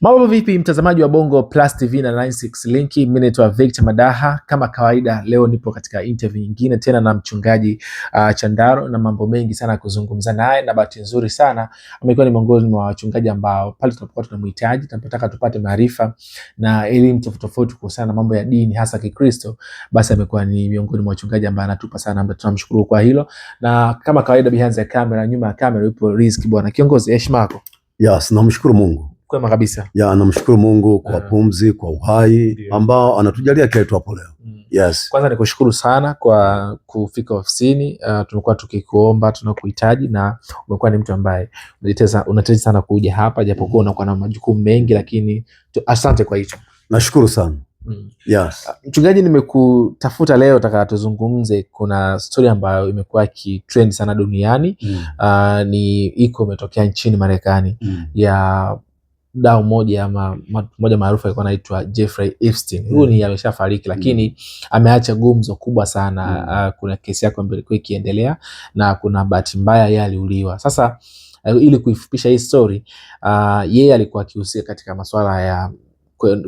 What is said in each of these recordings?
Mambo vipi mtazamaji wa Bongo Plus TV na 96 Linki, mimi naitwa Victor Madaha. Kama kawaida, leo nipo katika interview nyingine tena na mchungaji uh, Chandaro na mambo mengi sana kuzungumza naye, na bahati nzuri sana amekuwa ni miongoni mwa wachungaji ambao pale tunapokuwa tunamhitaji, tunapotaka tupate maarifa na elimu tofauti tofauti kuhusiana na mambo ya dini hasa Kikristo, basi amekuwa ni miongoni mwa wachungaji ambao anatupa sana, ambaye tunamshukuru kwa hilo. Na kama kawaida, behind the camera, nyuma ya kamera, yupo Rizki. Bwana kiongozi, heshima yako. Yes, namshukuru Mungu Kwema kabisa. Ya, namshukuru Mungu kwa eh. pumzi, kwa uhai ambao anatujalia kile tuapo leo. Mm. Yes. Kwanza nikushukuru sana kwa kufika ofisini. Uh, tumekuwa tukikuomba, tunakuhitaji na umekuwa ni mtu ambaye unatezi sana kuja hapa japokuwa unakuwa na majukumu mengi lakini tu, asante kwa hicho. Nashukuru sana. Mm. Yes. Ah, mchungaji, nimekutafuta leo taka tuzungumze, kuna stori ambayo imekuwa ikitrend sana duniani. Mm. Uh, ni iko imetokea nchini Marekani. Mm. ya dau moja ama moja maarufu alikuwa anaitwa Jeffrey Epstein. Huyu ni mm. ameshafariki mm. lakini ameacha gumzo kubwa sana. Uh, kuna kesi yake ambayo ilikuwa ikiendelea na kuna bahati mbaya yeye aliuliwa. Sasa uh, ili kuifupisha hii story uh, yeye alikuwa akihusika katika masuala ya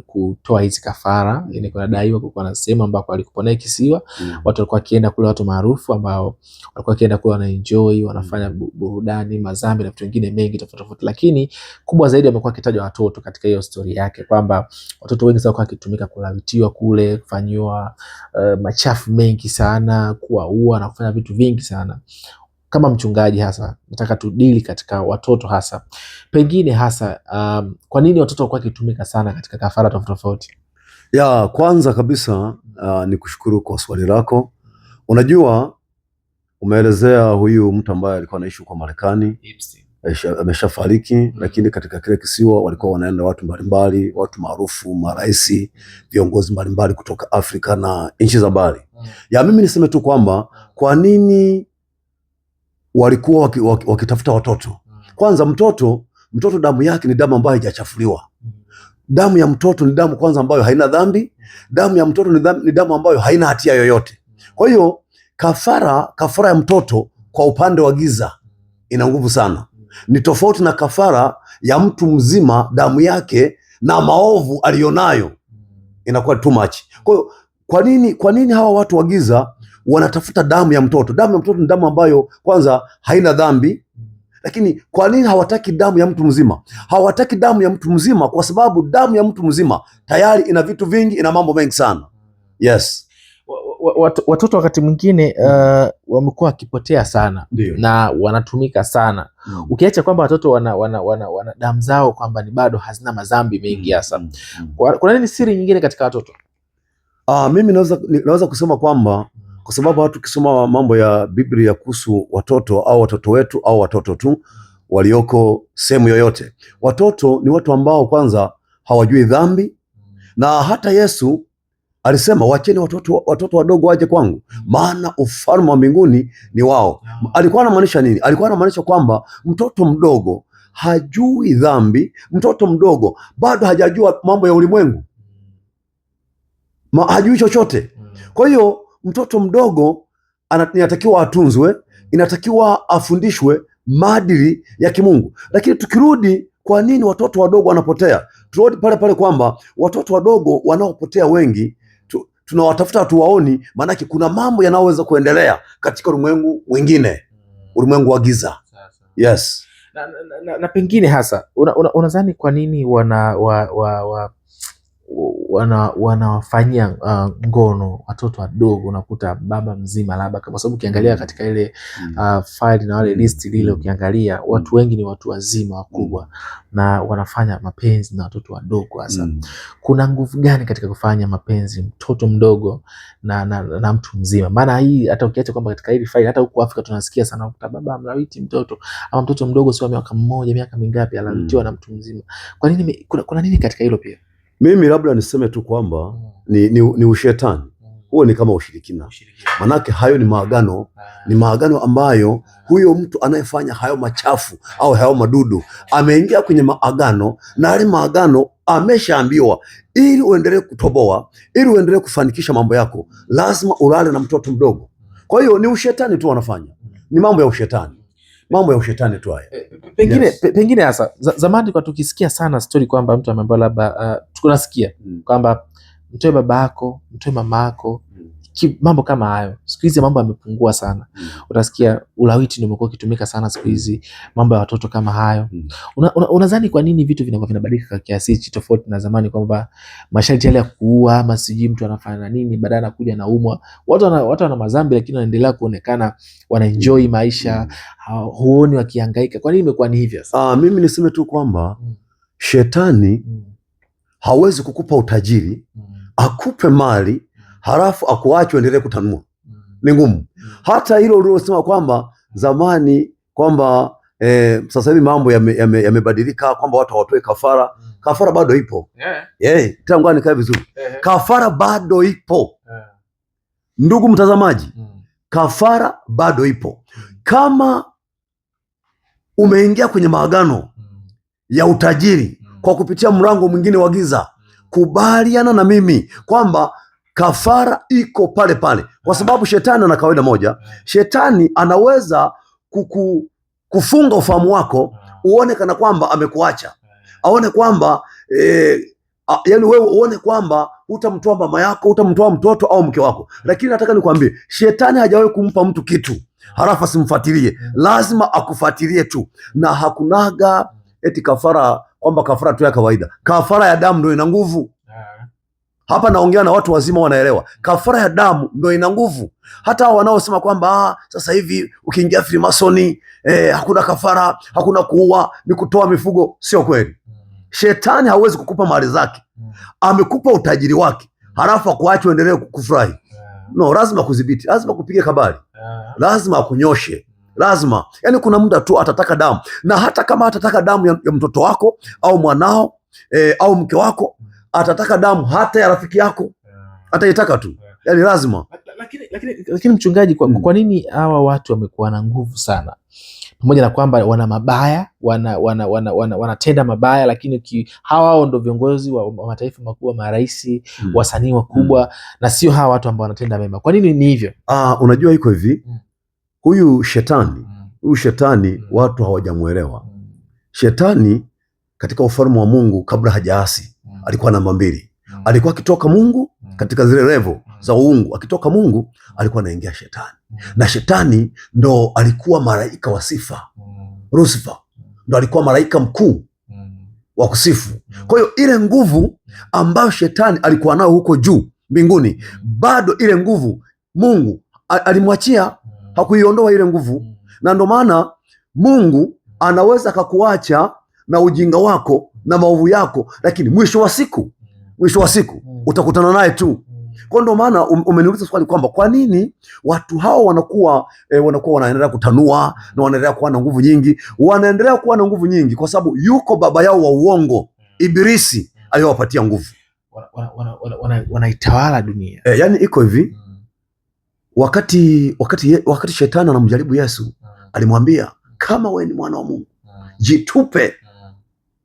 kutoa hizi kafara. kuna daiwa kulikuwa na sehemu ambako alikuwa naye kisiwa, mm. watu walikuwa wakienda kule, watu maarufu ambao walikuwa wakienda kule enjoy wanafanya mm. burudani, mazambi na vitu vingine mengi tofauti tofauti, lakini kubwa zaidi amekuwa akitajwa watoto katika hiyo story yake kwamba watoto wengi sana wakitumika kulawitiwa kule, kufanyiwa uh, machafu mengi sana, kuwaua na kufanya vitu vingi sana kama mchungaji hasa nataka tudili katika watoto hasa pengine hasa um, kwa nini watoto wakuwa wakitumika sana katika kafara tofauti tofauti? Ya kwanza kabisa uh, ni kushukuru kwa swali lako. Unajua, umeelezea huyu mtu ambaye alikuwa anaishi kwa Marekani ameshafariki mm -hmm. Lakini katika kile kisiwa walikuwa wanaenda watu mbalimbali, watu maarufu, marais, viongozi mbalimbali kutoka Afrika na nchi za mbali mm -hmm. Ya mimi niseme tu kwamba kwa nini walikuwa waki, waki, wakitafuta watoto. Hmm. Kwanza mtoto mtoto damu yake ni damu ambayo haijachafuliwa. Damu ya mtoto ni damu kwanza ambayo haina dhambi. Damu ya mtoto ni damu, ni damu ambayo haina hatia yoyote. Kwa hiyo kafara kafara ya mtoto kwa upande wa giza ina nguvu sana, ni tofauti na kafara ya mtu mzima, damu yake na maovu aliyonayo inakuwa too much. Kwa hiyo kwa nini, kwa nini hawa watu wa giza wanatafuta damu ya mtoto. Damu ya mtoto ni damu ambayo kwanza haina dhambi, lakini kwa nini hawataki damu ya mtu mzima? Hawataki damu ya mtu mzima kwa sababu damu ya mtu mzima tayari ina vitu vingi, ina mambo mengi sana. Yes. Watoto wakati mwingine uh, wamekuwa wakipotea sana Dio. na wanatumika sana mm. Ukiacha kwamba watoto wana, wana, wana, wana damu zao kwamba ni bado hazina madhambi mengi mm. hasa mm. Kuna nini siri nyingine katika watoto? Uh, mimi naweza naweza kusema kwamba kwa sababu hata ukisoma mambo ya Biblia kuhusu watoto au watoto wetu au watoto tu walioko sehemu yoyote, watoto ni watu ambao kwanza hawajui dhambi, na hata Yesu alisema wacheni watoto, watoto wadogo waje kwangu, maana ufalme wa mbinguni ni wao. Alikuwa anamaanisha nini? Alikuwa anamaanisha kwamba mtoto mdogo hajui dhambi, mtoto mdogo bado hajajua mambo ya ulimwengu, hajui chochote. Kwa hiyo mtoto mdogo inatakiwa atunzwe, inatakiwa afundishwe maadili ya kimungu. Lakini tukirudi, kwa nini watoto wadogo wanapotea? Turudi pale pale kwamba watoto wadogo wanaopotea wengi tu, tunawatafuta tuwaoni, maanake kuna mambo yanayoweza kuendelea katika ulimwengu mwingine, ulimwengu wa giza. Yes. Na, na, na, na pengine hasa unadhani una, una kwa nini wana wa, wa, wa wanawafanyia uh, ngono watoto wadogo, unakuta baba mzima labda, kwa sababu ukiangalia mm. katika ile mm. uh, faili na wale mm. listi lile, ukiangalia watu wengi ni watu wazima wakubwa na wanafanya mapenzi na watoto wadogo. Sasa kuna nguvu gani katika kufanya mapenzi mtoto mdogo na, na, na mtu mzima? Maana hii hata ukiacha kwamba katika hili faili, hata huko Afrika tunasikia sana, ukuta baba mlawiti mtoto ama mtoto mdogo, sio miaka mmoja miaka mingapi, alawitiwa na mtu mzima. Kwa nini? Kuna, kuna nini katika hilo pia? Mimi labda niseme tu kwamba mm. ni, ni, ni ushetani mm. huo, ni kama ushirikina, manake hayo ni maagano, ah. ni maagano ambayo ah. huyo mtu anayefanya hayo machafu au hayo madudu ameingia kwenye maagano, na yale maagano ameshaambiwa, ili uendelee kutoboa, ili uendelee kufanikisha mambo yako, lazima ulale na mtoto mdogo. Mm. Kwa hiyo ni ushetani tu wanafanya, ni mambo ya ushetani mambo ya ushetani tu haya. Pengine yes. Pengine hasa zamani kwa tukisikia sana stori kwamba mtu ameambiwa labda, uh, tunasikia mm. kwamba mtoe baba yako, mtoe mama yako, mambo kama hayo. Siku hizi mambo yamepungua sana, mm. utasikia ulawiti ndio umekuwa ukitumika sana siku mm. hizi, mambo ya watoto kama hayo. Unadhani mm. una, una kwa nini vitu vinakuwa vinabadilika kwa kiasi hichi tofauti na zamani, kwamba masharti yale ya kuua ama sijui mtu anafanya nini baadaye anakuja naumwa. Watu wana, watu wana madhambi lakini wanaendelea kuonekana wanaenjoy maisha, huoni wakihangaika. Kwa nini imekuwa ni hivyo? Ah, mimi niseme tu kwamba shetani hawezi kukupa utajiri akupe mali halafu akuache uendelee kutanua mm. ni ngumu. Mm. Hata hilo uliosema kwamba zamani kwamba e, sasa hivi mambo yamebadilika yame, yame kwamba watu hawatoe kafara mm. Kafara bado ipo yeah. Yeah, tangu nikae vizuri yeah. Kafara bado ipo yeah. Ndugu mtazamaji mm. Kafara bado ipo mm. kama umeingia kwenye maagano mm. ya utajiri mm. kwa kupitia mlango mwingine wa giza kubaliana na mimi kwamba kafara iko pale pale, kwa sababu shetani ana kawaida moja. Shetani anaweza kuku, kufunga ufahamu wako uone kana kwamba amekuacha, aone kwamba eh, yani wewe uone kwamba utamtoa mama yako, utamtoa mtoto au mke wako. Lakini nataka nikwambie, shetani hajawahi kumpa mtu kitu halafu asimfuatilie. Lazima akufuatilie tu, na hakunaga eti kafara kwamba kafara tu ya kawaida. Kafara ya damu ndio ina nguvu. Hapa naongea na watu wazima, wanaelewa. Kafara ya damu ndio ina nguvu. Hata hao wanaosema kwamba ah, sasa hivi ukiingia frimasoni eh, hakuna kafara, hakuna kuua, ni kutoa mifugo, sio kweli. Shetani hawezi kukupa mali zake, amekupa utajiri wake, halafu akuache uendelee kufurahi. No, lazima kudhibiti, lazima kupiga kabali, lazima akunyoshe lazima yani, kuna muda tu atataka damu, na hata kama atataka damu ya, ya mtoto wako au mwanao eh, au mke wako atataka damu hata ya rafiki yako ataitaka tu, yani lazima. Lakini, lakini, lakini mchungaji, kwa, mm. kwa nini hawa watu wamekuwa na nguvu sana, pamoja na kwamba wana mabaya wanatenda wana, wana, wana, wana mabaya, lakini ki, hawa wao ndo viongozi wa, wa mataifa makubwa, marais mm. wasanii wakubwa mm. na sio hawa watu ambao wanatenda mema. Kwa nini ni hivyo? Uh, unajua iko hivi hmm. huyu shetani hmm. huyu shetani mm. watu hawajamwelewa mm. shetani katika ufalme wa Mungu kabla hajaasi Mm. alikuwa namba mbili. Mm. Alikuwa akitoka Mungu mm. katika zile revo za uungu, akitoka Mungu alikuwa anaingia shetani, na shetani ndo alikuwa malaika wa sifa. Lucifer ndo alikuwa malaika mkuu wa kusifu. Kwa hiyo ile nguvu ambayo shetani alikuwa nayo huko juu mbinguni, bado ile nguvu Mungu alimwachia, hakuiondoa ile nguvu, na ndo maana Mungu anaweza akakuacha na ujinga wako na maovu yako, lakini mwisho wa siku, mwisho wa siku hmm. utakutana naye tu. Hmm. Kwa ndo maana um-, umeniuliza swali kwamba kwa nini watu hao wanakuwa e, wanakuwa wanaendelea kutanua na wanaendelea kuwa na nguvu nyingi, wanaendelea kuwa na nguvu nyingi kwa sababu yuko baba yao wa uongo hmm. Ibilisi aliyowapatia nguvu, wanaitawala wana, wana, wana, wana dunia e, yani iko hivi wakati wakati wakati shetani anamjaribu Yesu alimwambia, kama wewe ni mwana wa Mungu jitupe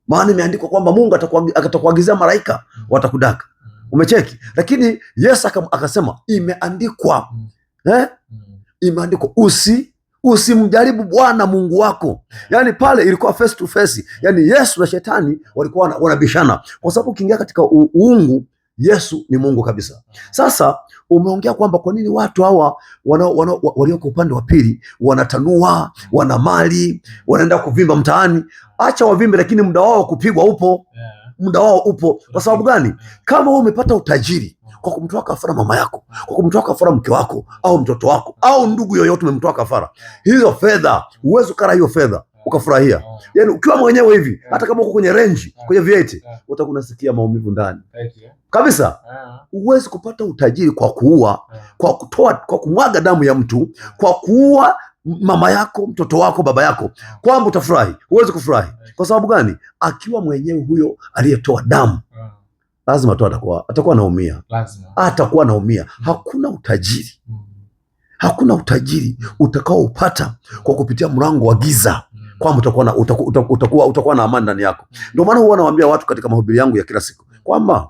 maana imeandikwa kwamba Mungu atakuagizia malaika watakudaka. Umecheki? Lakini Yesu akasema imeandikwa, mm. eh? Mm. Imeandikwa usi usimjaribu Bwana Mungu wako. Yaani pale ilikuwa face to face, yaani Yesu na shetani walikuwa wanabishana, kwa sababu ukiingia katika uungu, Yesu ni Mungu kabisa. Sasa umeongea kwamba kwa nini watu hawa walioko upande wa pili wanatanua, wana mali, wanaenda kuvimba mtaani. Acha wavimbe, lakini muda wao kupigwa upo, muda wao upo. Kwa sababu gani? Kama wewe umepata utajiri kwa kumtoa kafara mama yako, kwa kumtoa kafara mke wako, au mtoto wako, au ndugu yoyote, umemtoa kafara, hizo fedha uwezo kara hiyo fedha ukafurahia yani, ukiwa mwenyewe hivi, hata kama uko kwenye renji kwenye vieti, utakunasikia maumivu ndani kabisa. Ah. Huwezi kupata utajiri kwa kuua, ah. kwa kutoa, kwa kumwaga damu ya mtu, ah. kwa kuua mama yako, mtoto wako, baba yako, kwamba utafurahi. Huwezi kufurahi. Kwa sababu gani? Akiwa mwenyewe huyo aliyetoa damu lazima tu atakuwa atakuwa anaumia, atakuwa anaumia. Mm. Hakuna utajiri, mm. hakuna utajiri mm. utakaoupata kwa kupitia mlango wa giza kwamba utakuwa utakuwa utakuwa na amani ndani yako. Ndio maana huwa nawaambia watu katika mahubiri yangu ya kila siku kwamba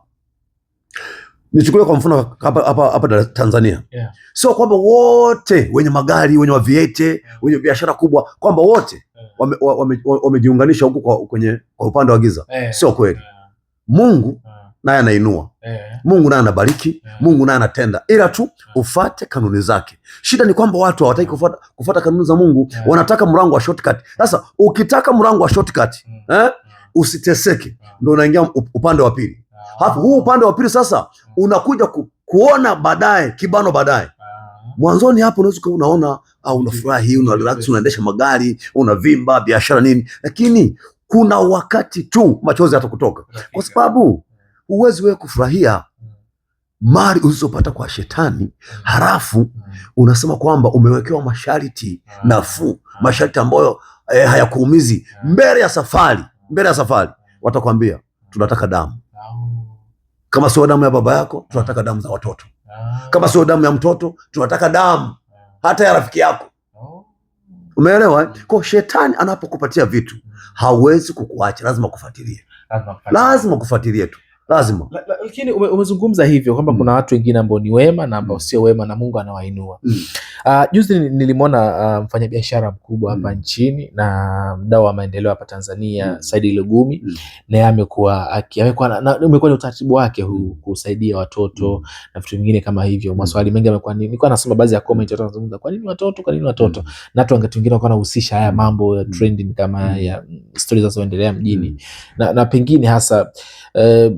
nichukue kwa mfano hapa hapa Tanzania yeah. Sio kwamba wote wenye magari wenye waviete yeah. wenye biashara kubwa kwamba wote yeah. wamejiunganisha wame, wame huku kwenye kwa upande wa giza yeah. Sio kweli yeah. Mungu yeah. naye anainua yeah. Mungu naye anabariki yeah. Mungu naye anatenda, ila tu yeah. ufate kanuni zake. Shida ni kwamba watu hawataki kufata, kufata kanuni za Mungu yeah. Wanataka mlango wa shortcut. Sasa ukitaka mlango wa shortcut mm. eh, yeah. eh? Usiteseke, ndio unaingia upande wa pili Halafu huu upande wa pili sasa unakuja ku, kuona baadaye kibano baadaye. Ah. Mwanzoni hapo unaweza kuwa unaona au ah, unafurahi, una relax, unaendesha magari, unavimba, biashara nini, lakini kuna wakati tu machozi hata kutoka, kwa sababu huwezi wewe kufurahia mm. mali ulizopata kwa shetani, mm. halafu mm. unasema kwamba umewekewa masharti ah. nafuu, masharti ambayo eh, hayakuumizi mbele ya safari. Mbele ya safari watakwambia tunataka damu kama sio damu ya baba yako, tunataka damu za watoto. Ah. Kama sio damu ya mtoto, tunataka damu ah. hata ya rafiki yako. Oh. Umeelewa? Eh? Kwa shetani anapokupatia vitu hawezi kukuacha, lazima kufuatilie, lazima kufuatilie tu lazima. Lakini la, umezungumza hivyo kwamba mm. kuna watu wengine ambao ni wema na ambao sio wema na Mungu anawainua mm. Uh, juzi nilimwona uh, mfanyabiashara mkubwa hapa mm. nchini na mdau wa maendeleo hapa Tanzania mm. Saidi Lugumi mm. naye amekuwa umekuwa ni utaratibu wake huu mm. kusaidia watoto mm. na vitu vingine kama hivyo, mm. maswali mengi amekuwa, nilikuwa nasoma baadhi ya comment watu wanazungumza, kwa nini watoto, kwa nini watoto mm. na watu wengine wengine wakawa wanahusisha haya mambo ya mm. trending kama mm. ya stories zinazoendelea mjini mm. na, na pengine hasa uh,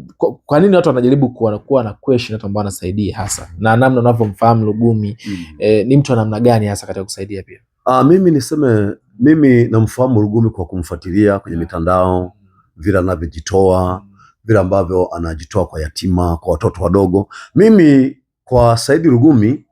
kwa, nini watu wanajaribu kuwa, na question watu ambao wanasaidia hasa na namna unavyomfahamu Lugumi mm. eh, ni mtu wa namna gani hasa katika kusaidia pia? Ah, mimi niseme mimi namfahamu Lugumi kwa kumfuatilia kwenye mitandao vile anavyojitoa vile ambavyo anajitoa kwa yatima, kwa watoto wadogo. Mimi kwa Saidi Lugumi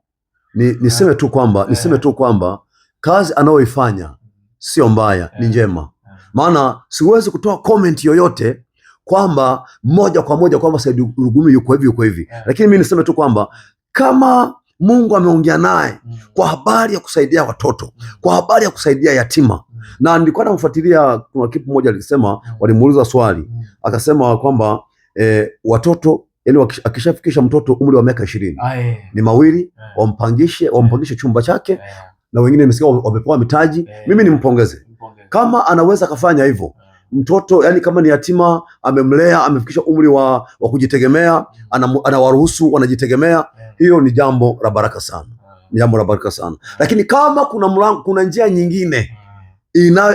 ni, niseme tu kwamba niseme tu kwamba kazi anayoifanya sio mbaya, ni eh. njema, eh. maana siwezi kutoa comment yoyote kwamba moja kwa moja kwamba Said Rugumi yuko hivi yuko hivi yeah. Lakini mimi niseme tu kwamba kama Mungu ameongea naye mm. kwa habari ya kusaidia watoto, mm. kwa habari ya kusaidia yatima mm. na nilikuwa namfuatilia, kuna kipu moja alisema, mm. walimuuliza swali mm. akasema kwamba e, watoto yani akishafikisha mtoto umri wa miaka ishirini ah, ni mawili Aye. wampangishe wampangishe chumba chake Aye. na wengine nimesikia wamepewa mitaji Aye. mimi nimpongeze kama anaweza akafanya hivyo mtoto yani kama ni yatima amemlea, amefikisha umri wa, wa kujitegemea, anawaruhusu wanajitegemea, hiyo ni jambo la baraka sana, ni jambo la baraka sana. Lakini kama kuna mlango, kuna njia nyingine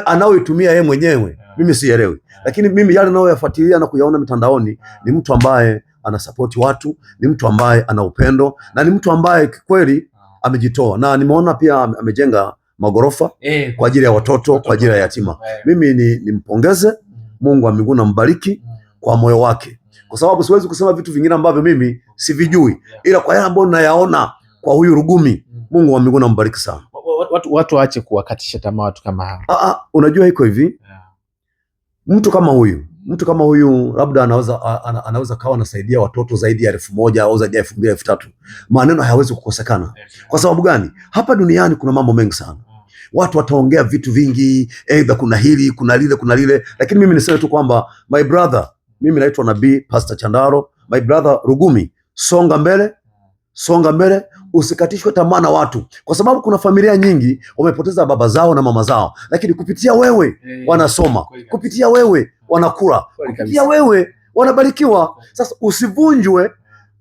anayoitumia yeye mwenyewe, mimi sielewi, lakini mimi yale nayoyafuatilia na kuyaona mitandaoni, ni mtu ambaye anasapoti watu, ni mtu ambaye ana upendo na ni mtu ambaye kweli amejitoa, na nimeona pia amejenga magorofa eh, kwa ajili ya watoto, watoto, kwa ajili ya yatima eh. Mimi ni nimpongeze mm. Mungu wa mbinguni ambariki mm. kwa moyo wake, mm. kwa sababu siwezi kusema vitu vingine ambavyo mimi sivijui, ila kwa yale ambayo ninayaona kwa huyu Rugumi, Mungu wa mbinguni ambariki sana. Watu watu waache kuwakatisha tamaa watu kama hao. Ah, ah, unajua iko hivi, mtu kama huyu mtu kama huyu labda anaweza ana, anaweza kawa anasaidia watoto zaidi ya elfu moja au zaidi ya elfu mbili elfu tatu maneno hayawezi kukosekana. Kwa sababu gani? Hapa duniani kuna mambo mengi sana watu wataongea vitu vingi, aidha kuna hili kuna lile kuna lile, lakini mimi niseme tu kwamba my brother, mimi naitwa Nabii Pastor Chandaro, my brother Rugumi, songa mbele, songa mbele, usikatishwe tamaa na watu, kwa sababu kuna familia nyingi wamepoteza baba zao na mama zao, lakini kupitia wewe wanasoma, kupitia wewe wanakula, kupitia wewe wanabarikiwa. Sasa usivunjwe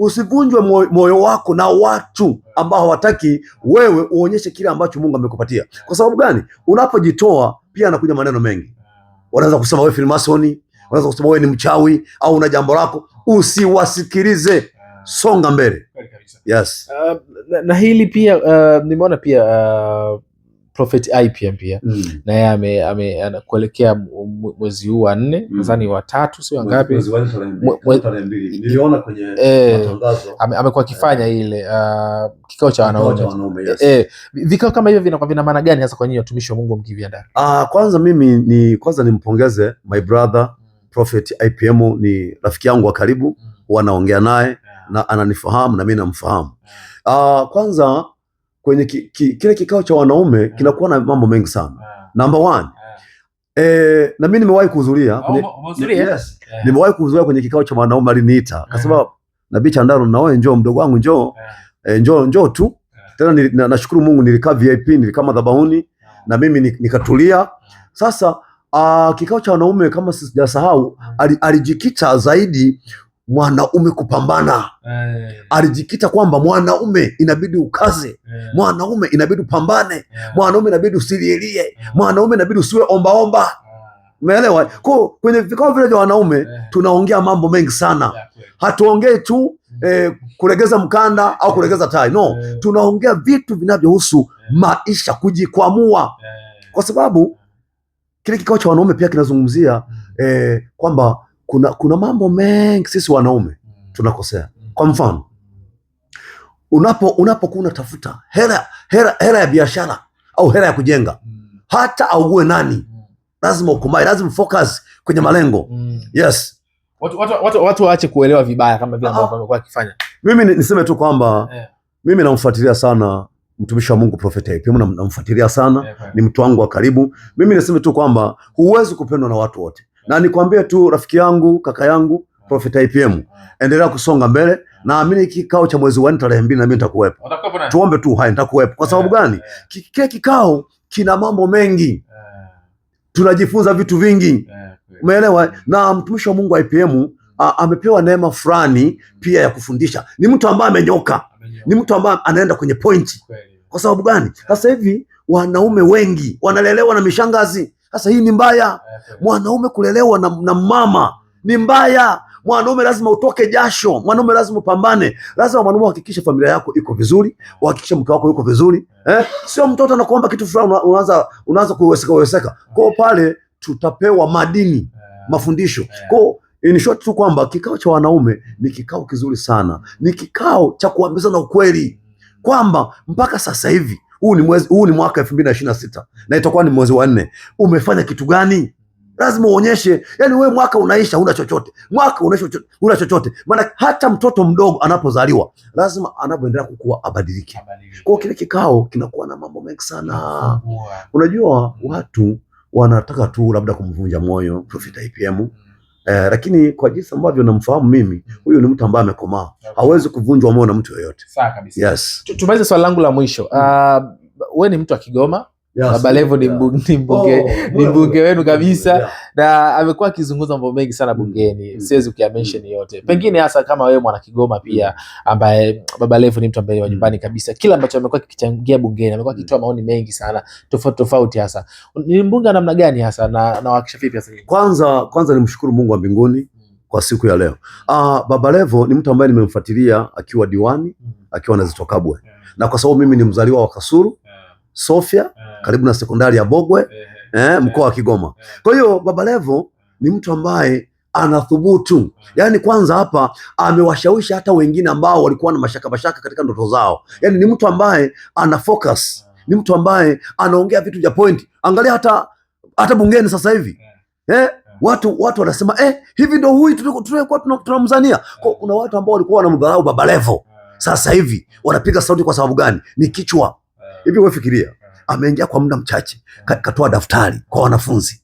Usivunjwe moyo wako na watu ambao hawataki wewe uonyeshe kile ambacho Mungu amekupatia. Kwa sababu gani? Unapojitoa pia anakuja maneno mengi, wanaweza kusema wewe filmasoni, wanaanza kusema wewe ni mchawi au una jambo lako. Usiwasikilize, songa mbele. Yes. Uh, na hili pia uh, nimeona pia uh Prophet Ipia pia mm. na yeye ame, ame, kuelekea mwezi huu wa nne mm. nadhani wa tatu sio ngapi, niliona kwenye eh, matangazo amekuwa akifanya eh. ile uh, kikao cha wanaume eh, eh vikao kama hivyo vinakuwa vina maana gani hasa kwa nyinyi watumishi wa Mungu mkiviandaa? Ah, kwanza mimi ni kwanza nimpongeze my brother Prophet IPM, ni rafiki yangu wa karibu, mm. huwa naongea naye yeah. na ananifahamu na mimi namfahamu yeah. ah, kwanza kwenye ki, ki, kile kikao cha wanaume kinakuwa na mambo mengi sana. Number one, eh, na mimi nimewahi kuhudhuria, oh, nimewahi kuhudhuria kwenye kikao cha wanaume, aliniita akasema, Nabii Chandaro, na wewe njoo, mdogo wangu njoo, eh, njoo njoo tu tena. Nashukuru Mungu, nilikaa VIP, nilikaa madhabahuni na mimi nikatulia. Sasa Uh, kikao cha wanaume kama sijasahau, alijikita zaidi mwanaume kupambana. Yeah. Alijikita kwamba mwanaume inabidi ukaze, eh. mwanaume inabidi upambane, eh. mwanaume inabidi usililie, eh. mwanaume inabidi usiwe ombaomba. Umeelewa? Kwa kwenye vikao vile vya wanaume tunaongea mambo mengi sana, hatuongei tu mm. eh, kulegeza mkanda au kulegeza tai, no, tunaongea vitu vinavyohusu maisha, kujikwamua, kwa sababu kile kikao cha wanaume pia kinazungumzia mm. eh, kwamba kuna, kuna mambo mengi sisi wanaume mm. tunakosea. Mm. Kwa mfano unapo unapokuwa unatafuta hela, hela, hela ya biashara au hela ya kujenga, mm. hata auwe nani, lazima ukombae, lazima focus kwenye malengo yes. Watu watu, watu, watu, waache kuelewa vibaya kama vile ambavyo ah. wamekuwa wakifanya. Mimi niseme tu kwamba yeah. Mimi namfuatilia sana mtumishi wa Mungu Prophet AP. Mimi namfuatilia sana yeah, yeah. Ni mtu wangu wa karibu. Mimi niseme tu kwamba huwezi kupendwa na watu wote na nikwambie tu rafiki yangu, kaka yangu Profeta IPM, endelea kusonga mbele. Naamini kikao cha mwezi wa nne tarehe mbili na mimi nitakuwepo. Tuombe tu hai, nitakuwepo. Kwa sababu eh, gani? Eh. Kile kikao kina mambo mengi, eh. tunajifunza vitu vingi, umeelewa? Na mtumishi wa Mungu IPM amepewa neema fulani pia ya kufundisha. Ni mtu ambaye amenyoka, ni mtu ambaye anaenda kwenye pointi. Kwa sababu gani? Sasa hivi wanaume wengi wanalelewa na mishangazi sasa hii ni mbaya. Eh, eh. Mwanaume kulelewa na, na mama ni mbaya. Mwanaume lazima utoke jasho, mwanaume lazima upambane, lazima mwanaume uhakikishe familia yako iko vizuri, uhakikishe mke wako yuko vizuri eh? Sio mtoto anakuomba kitu fulani unaanza unaanza kuweseka weseka kwa Pale tutapewa madini, eh. mafundisho kwa In short tu kwamba kikao cha wanaume ni kikao kizuri sana, ni kikao cha kuambizana ukweli mm. kwamba mpaka sasa hivi huu ni mwezi, huu ni mwaka elfu mbili na ishiri na sita na itakuwa ni mwezi wa nne. Umefanya kitu gani? Lazima uonyeshe. Yani wewe mwaka unaisha, huna chochote, mwaka unaisha, huna chochote. Maana hata mtoto mdogo anapozaliwa lazima anavyoendelea kukua abadilike. Kwa kile kikao kinakuwa na mambo mengi sana. Unajua watu wanataka tu labda kumvunja moyo Profita IPM Eh, lakini kwa jinsi ambavyo namfahamu mimi, huyu ni mtu ambaye amekomaa, hawezi kuvunjwa moyo na mtu yoyote. Sawa kabisa. Yes. Tumalize swali langu la mwisho. Uh, ah, we ni mtu wa Kigoma Yes, Baba Levo ni mbunge oh, wenu kabisa na amekuwa akizungumza mambo mengi sana mm. bungeni, mm. siwezi kuyamention mm. yote, pengine hasa kama wewe mwana Kigoma pia ambaye Baba Levo ni mtu ambaye wa nyumbani kabisa, kila ambacho amekuwa kikichangia bungeni amekuwa akitoa maoni mengi sana tofauti tofauti. Hasa ni mbunge namna gani hasa na nawakisha vipi hasa? Kwanza kwanza nimshukuru Mungu wa mbinguni kwa siku ya leo. Ah, Baba Levo ni mtu ambaye nimemfuatilia akiwa diwani, akiwa na Zitto na kwa sababu mimi ni mzaliwa wa Kasulu yeah. Sofia yeah. karibu na sekondari ya Bogwe yeah. Eh, eh, eh, mkoa wa eh, Kigoma yeah. kwa hiyo Baba Levo ni mtu ambaye anathubutu yani kwanza hapa amewashawishi hata wengine ambao walikuwa na mashaka mashaka katika ndoto zao. Yani ni mtu ambaye ana focus, ni mtu ambaye anaongea vitu vya point. Angalia hata hata bungeni sasa hivi eh, watu watu wanasema eh, hivi ndo huyu tulikuwa tunamzania. Kuna watu ambao walikuwa wanamdharau Baba Levo, sasa hivi wanapiga sauti kwa sababu gani? Ni kichwa Hivi wewe fikiria, ameingia kwa muda mchache, katoa daftari kwa wanafunzi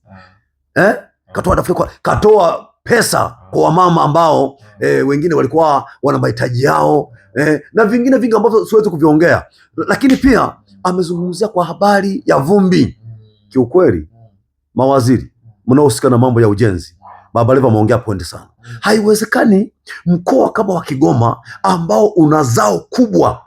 eh? Katoa daftari kwa, katoa pesa kwa wamama ambao eh, wengine walikuwa wana mahitaji yao eh, na vingine vingi ambavyo siwezi kuviongea, lakini pia amezungumzia kwa habari ya vumbi. Kiukweli mawaziri mnaohusika na mambo ya ujenzi Baba Levo ameongea pointi sana. Haiwezekani mkoa kama wa Kigoma ambao una zao kubwa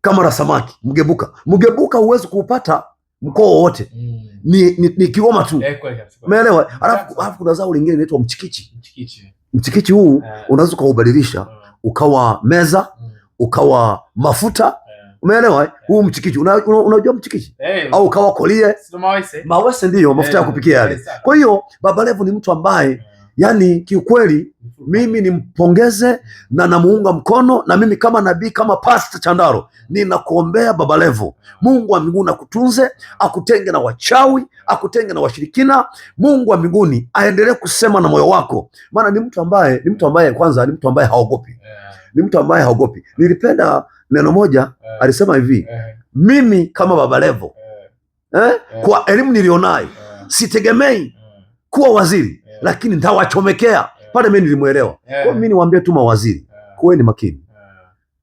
kama la samaki mgebuka. Mgebuka huwezi kuupata mkoa wowote mm. Ni, ni, ni Kigoma tu, eh, umeelewa? Alafu kuna zao lingine linaitwa mchikichi. Mchikichi, mchikichi huu uh, unaweza ukaubadilisha uh, ukawa meza uh, ukawa mafuta eh. umeelewa? Uh, huu mchikichi unajua una, una mchikichi hey, au ukawa kolie mawese, mawese ndiyo mafuta uh, ya kupikia yale. Kwa hiyo Baba Levo ni mtu ambaye uh, yani kiukweli mimi nimpongeze na namuunga mkono, na mimi kama nabii kama Pasta Chandaro ninakuombea Baba Levo. Mungu wa mbinguni akutunze, akutenge na wachawi, akutenge na washirikina. Mungu wa mbinguni aendelee kusema na moyo wako, maana ni mtu ambaye ni mtu ambaye kwanza ni mtu ambaye haogopi, eh. ni mtu ambaye haogopi. Nilipenda neno moja eh. alisema hivi, eh. mimi kama Baba Levo eh, kwa elimu nilionayo sitegemei kuwa waziri lakini ntawachomekea pale. Mimi nilimwelewa kwa mimi, niwaambie tu mawaziri, kuweni makini,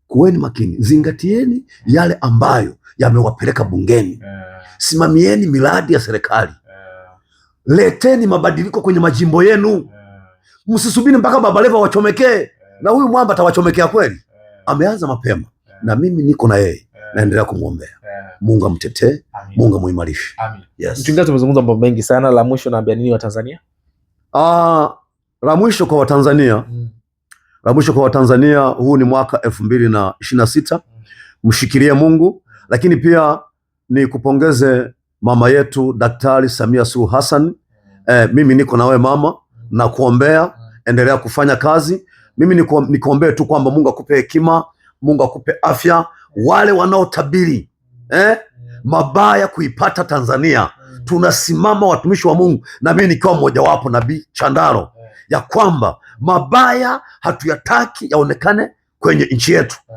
kuweni makini, zingatieni yale ambayo yamewapeleka bungeni, simamieni miradi ya serikali, leteni mabadiliko kwenye majimbo yenu, msisubiri mpaka Babaleva wachomekee. Na huyu mwamba atawachomekea kweli, ameanza mapema, na mimi niko na yeye, naendelea kumwombea Mungu amtetee, Mungu amuimarishe. Yes. Mchungaji, tumezungumza mambo mengi sana, la mwisho naambia nini Watanzania? Ah, la mwisho kwa Watanzania mm. la mwisho kwa Watanzania, huu ni mwaka elfu mbili na ishirini na sita. Hmm. Mshikilie Mungu, lakini pia ni kupongeze mama yetu Daktari Samia Suluhu Hassan. Hmm. Eh, mimi niko na wewe mama, hmm. na kuombea endelea kufanya kazi. Mimi nikuombee tu kwamba Mungu akupe hekima, Mungu akupe afya. Wale wanaotabiri eh, mabaya kuipata Tanzania tunasimama watumishi wa Mungu, na mimi nikiwa mmojawapo, nabii Chandaro, eh. ya kwamba mabaya hatuyataki yaonekane kwenye nchi yetu. Eh.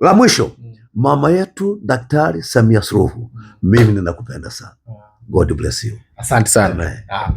La mwisho, mm. mama yetu Daktari Samia Suluhu, mm. mimi ninakupenda sana. Eh. God bless you. Asante sana. Amen. Amen.